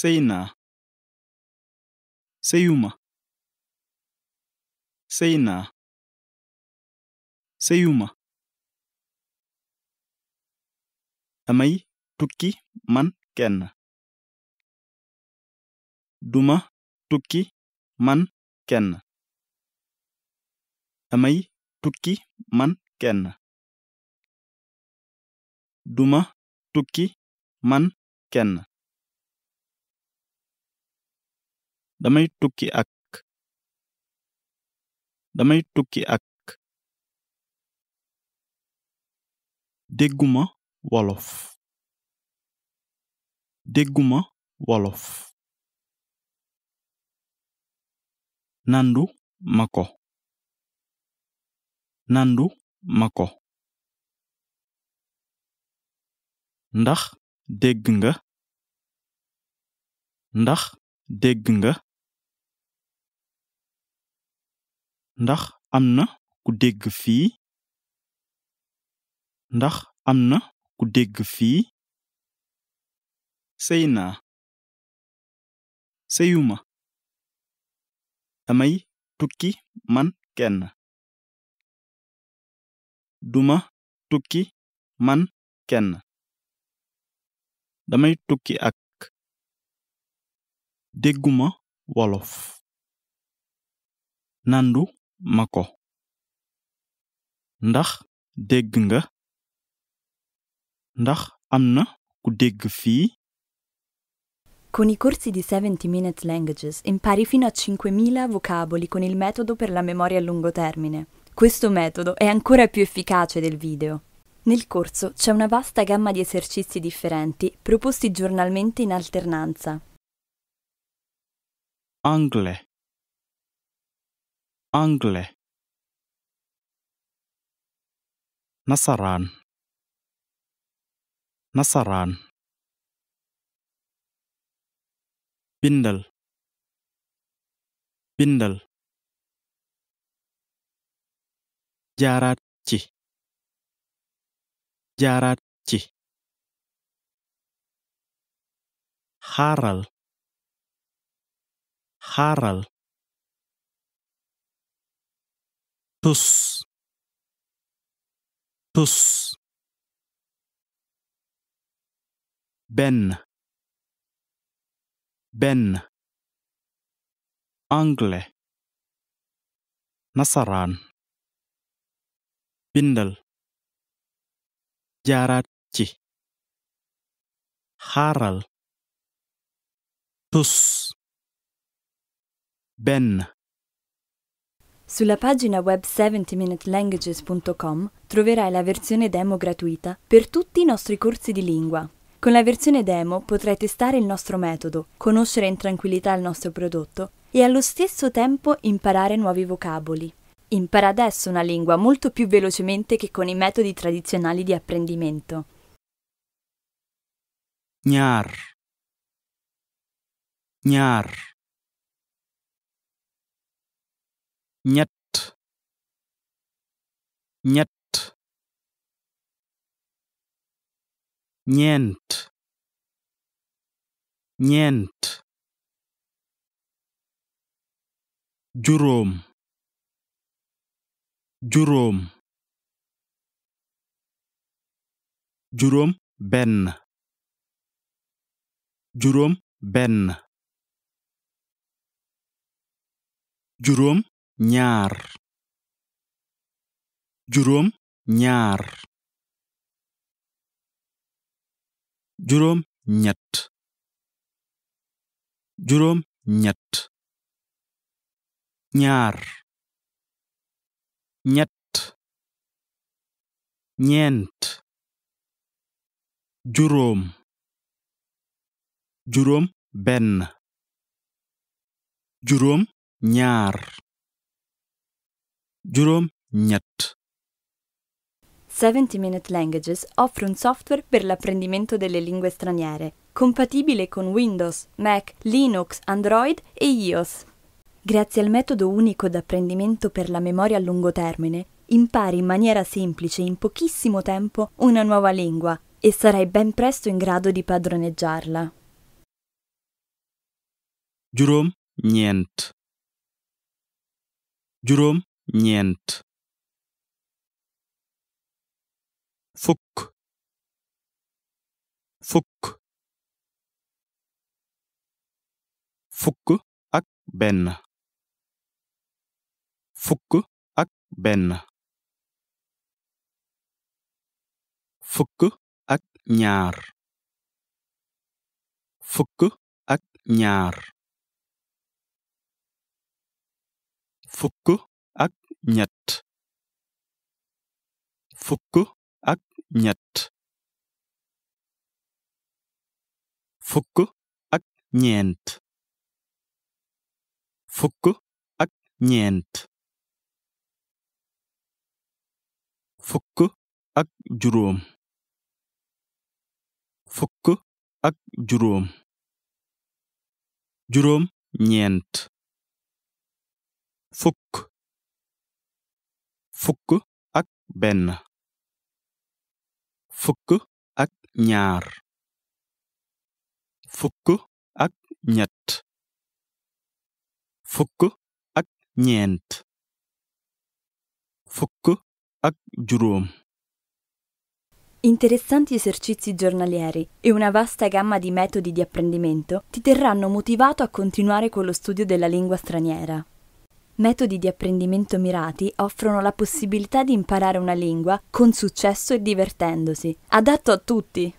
sey naa sëyuma sëy naa sëyuma damay tukki man kenn duma tukki man kenn damay tukki man kenn duma tukki man kenn damay tukki ak damay tukki ak dégguma wolof dégguma wolof nandu ma ko nandu ma ko ndax dégg nga ndax dégg nga ndax am na ku dégg fii ndax am na ku dégg fii sëy naa sëyuma damay tukki man kenn duma tukki man kenn damay tukki ak dégguma wolof nandu ma ko nga ndax am na ku dégg fii Con i corsi di 70 Minute Languages impari fino a 5.000 vocaboli con il metodo per la memoria a lungo termine. Questo metodo è ancora più efficace del video. Nel corso c'è una vasta gamma di esercizi differenti proposti giornalmente in alternanza. anglais nasaraan nasaraan bindal bindal jaaraat ci jaaraat ci xaaral xaaral tous tous benn benn anglais nasaraan bindal jaaraat ci xaaral tus benn Sulla pagina web 70minutelanguages.com troverai la versione demo gratuita per tutti i nostri corsi di lingua. Con la versione demo potrai testare il nostro metodo, conoscere in tranquillità il nostro prodotto e allo stesso tempo imparare nuovi vocaboli. Impara adesso una lingua molto più velocemente che con i metodi tradizionali di apprendimento. ñett ñett ñeent ñeent juróom juróom juróom benn juróom benn juróom ñaar juróom ñaar juróom ñett juróom ñett ñaar ñett ñeent juróom juróom benn juróom ñaar juróom ñett offre un software per l'apprendimento delle lingue straniere, compatibile con Windows, Mac, Linux, Android e iOS. Grazie al metodo unico d'apprendimento per la memoria a lungo termine, impari in maniera semplice in pochissimo tempo una nuova lingua e sarai ben presto in grado di padroneggiarla. ñeent fukk fukk fukk ak benn fukk ak benn fukk ak ñaar fukk ak ñaar fukk ak ñett fukk ak ñett fukk ak ñeent fukk ak ñeent fukk ak juróom fukk ak juróom juróom ñeent fukk fukk ak benn fukk ak ñaar fukk ak ñett fukk ak ñeent fukk ak juróom Interessanti esercizi giornalieri e una vasta gamma di metodi di apprendimento ti terranno motivato a continuare con lo studio della lingua straniera. Metodi di apprendimento mirati offrono la possibilità di imparare una lingua con successo e divertendosi, adatto a tutti.